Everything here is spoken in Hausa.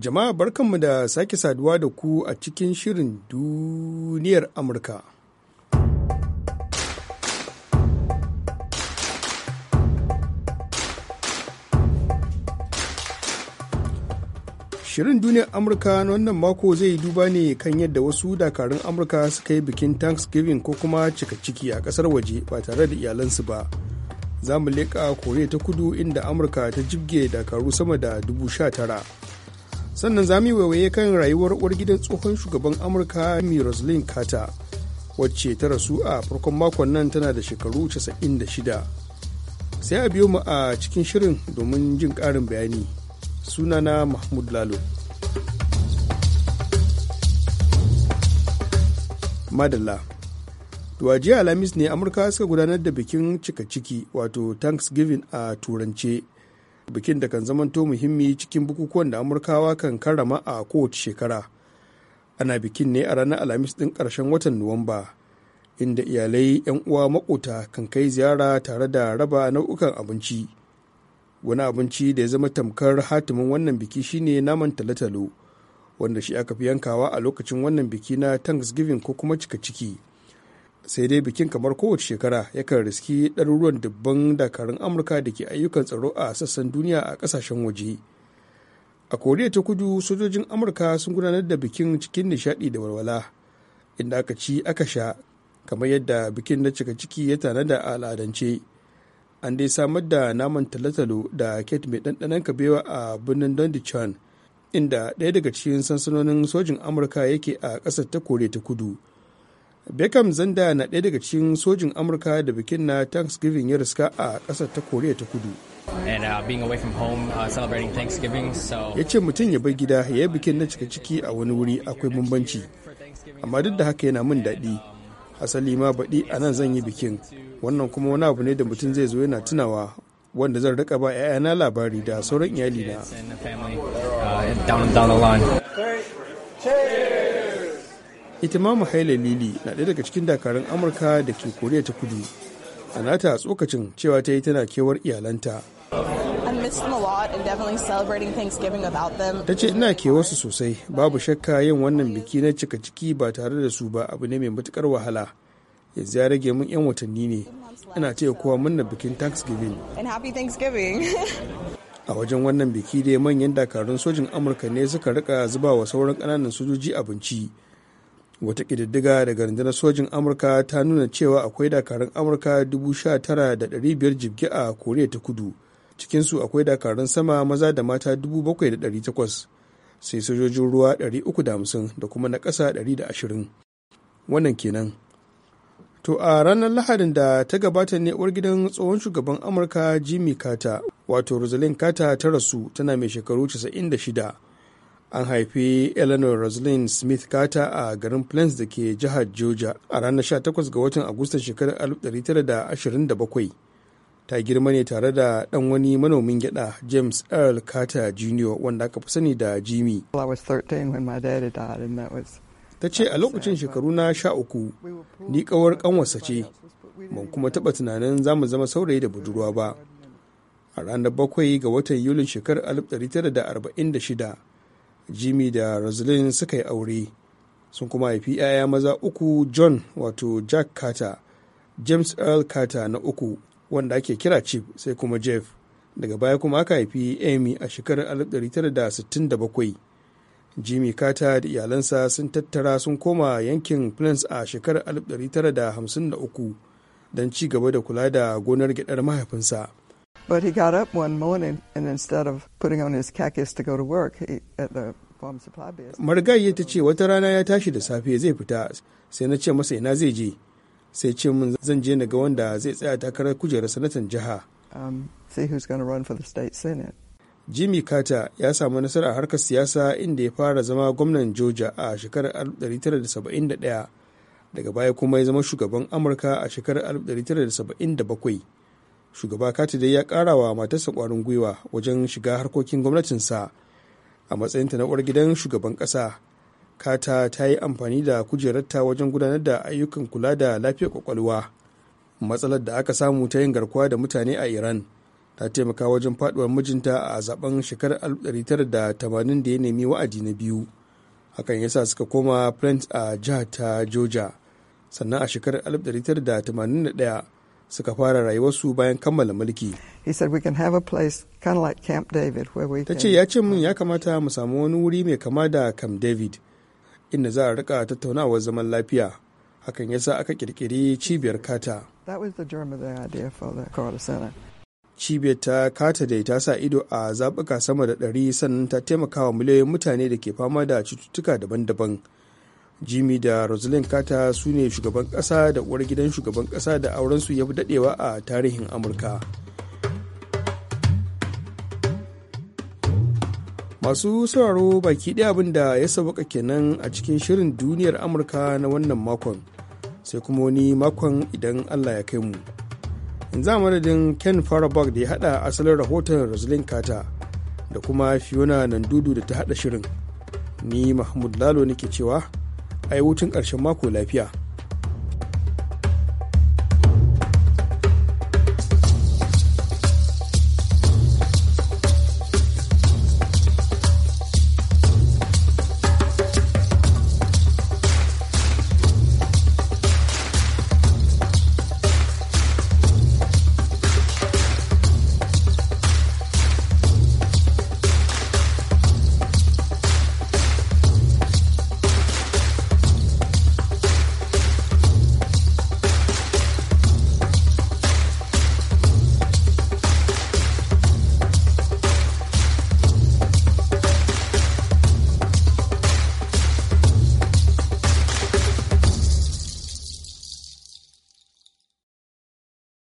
Jama'a barkanmu da sake saduwa da ku a cikin shirin duniyar Amurka. Shirin duniyar Amurka na wannan mako zai duba ne kan yadda wasu dakarun Amurka suka yi bikin Thanksgiving ko kuma cika ciki a ƙasar waje ba tare da iyalansu ba. Za mu leƙa Koriya ta kudu inda Amurka ta jibge dakaru sama da dubu sha tara. sannan za mu waiwaye kan rayuwar uwar gidan tsohon shugaban amurka miroslin carter wacce ta rasu a farkon makon nan tana da shekaru 96 sai a biyo mu a cikin shirin domin jin ƙarin bayani sunana mahmud lalo madalla to a jiya alhamis ne amurka suka gudanar da bikin cika ciki wato thanksgiving a turance bikin da kan zamanto muhimmi cikin bukukuwan da amurkawa kan karrama a kowace shekara ana bikin ne a ranar alhamis ɗin karshen watan nuwamba inda iyalai 'yan uwa makota kan kai ziyara tare da raba nau'ukan abinci wani abinci da ya zama tamkar hatimin wannan biki shine naman talotalo wanda shi aka fi yankawa a lokacin wannan biki na thanksgiving ko kuma cika ciki sai dai bikin kamar kowace shekara yakan riski ɗaruruwan dubban dakarun amurka da ke ayyukan tsaro a sassan duniya a ƙasashen waje a koriya ta kudu sojojin amurka sun gudanar da bikin cikin nishaɗi da walwala inda aka ci aka sha kamar yadda bikin na cika ciki ya tana da al'adance an dai samar da naman talotalo da ket mai ɗanɗanon kabewa a birnin dondichan inda ɗaya daga cikin sansanonin sojin amurka yake a ƙasar ta koriya ta kudu beckham zanda na ɗaya daga cikin sojin amurka da bikin na thanksgiving ya riska a ƙasar ta koriya ta kudu uh, uh, ya ce mutum ya bar gida ya yi bikin na cika ciki a wani wuri akwai bambanci amma duk da haka yana min daɗi asali ma baɗi a nan zan yi bikin wannan kuma wani abu ne da mutum zai zo yana tunawa wanda zan rika ba 'ya'yana labari da sauran iyalina. ita ma Mahaila Lili na ɗaya daga cikin dakarun Amurka da ke Koriya ta Kudu. A nata tsokacin cewa ta yi tana kewar iyalanta. Ta ce ina kewarsu sosai babu shakka yin wannan biki na cika ciki ba tare da su ba abu ne mai matukar wahala. Yanzu ya rage mun 'yan watanni ne. Ina taya kowa murnar bikin Thanksgiving. a wajen wannan biki dai manyan dakarun sojin amurka ne suka rika zuba wa sauran kananan sojoji abinci wata ƙididdiga daga rundunar sojin amurka ta nuna cewa akwai dakarun amurka 19,500 jibge a koriya ta kudu cikinsu akwai dakarun sama maza da mata 7,800 sai sojojin ruwa 350 da kuma na ƙasa 120 wannan kenan to a ranar lahadin da ta gabata ne uwar gidan tsohon shugaban amurka jimmy carter wato rosalind carter ta rasu tana mai shekaru 96 an haifi eleanor rosalind smith carter a garin plains da ke jihar georgia a ranar 18 ga watan agustan shekarar 1927 ta girma ne tare da dan wani manomin gyada james earl carter jr wanda aka fi sani da jimmy ta ce a lokacin shekaru na sha uku ni kawar kanwarsa ce ban kuma taba tunanin za mu zama saurayi da budurwa ba a ranar bakwai ga watan yulin shekarar 1946 jimmy da rosalyn suka yi aure sun kuma haifi 'ya'ya maza uku john wato jack carter james earl carter na uku wanda ake kira chief sai kuma jeff daga baya kuma aka haifi amy a shekarar 1967 jimmy carter da iyalansa sun tattara sun koma yankin plains a shekarar 1953 don ci gaba da kula da gonar gyadar mahaifinsa But he got up one morning and instead of putting on his khakis to go to work he, at the farm supply business. Marigayi ta ce wata rana ya tashi da safe zai fita sai na ce masa ina zai je. Sai ce mun zan je na ga wanda zai tsaya takarar kujerar sanatan jiha. Um, see who's going to run for the state senate. Jimmy Carter ya samu nasara a harkar siyasa inda ya fara zama gwamnan Georgia a shekarar 1971 daga baya kuma ya zama shugaban Amurka a shekarar 1977. shugaba dai ya kara wa matarsa kwarin gwiwa wajen shiga harkokin gwamnatinsa a matsayinta na uwar gidan shugaban kasa kata ta yi amfani da kujerarta wajen gudanar da ayyukan kula da lafiyar kwakwalwa matsalar da aka samu ta yin garkuwa da mutane a iran ta taimaka wajen faduwar mijinta a zaben shekarar 1980 da ya nemi wa'adi na biyu hakan yasa suka koma plant a jihar ta georgia sannan a shekarar 1981 suka fara rayuwarsu bayan kammala mulki. Ta ce ya ce min ya kamata mu samu wani wuri mai kama da Camp David inda za a rika tattaunawar zaman lafiya. Hakan ya sa aka kirkiri cibiyar kata. Cibiyar ta kata dai ta sa ido a zaɓuka sama da ɗari sannan ta taimaka wa miliyoyin mutane da ke fama da cututtuka daban-daban. jimmy da rosalind carter su ne shugaban kasa da uwar gidan shugaban kasa da aurensu ya fi dadewa a tarihin amurka masu sauraro baki ɗaya abin da ya sabaka kenan a cikin shirin duniyar amurka na wannan makon sai kuma wani makon idan allah ya kai mu in a madadin ken farabag da ya hada asalin rahoton rosalind carter da kuma fiona nandudu da ta hada shirin ni mahmud lalo nake cewa a yi wucin ƙarshen mako lafiya.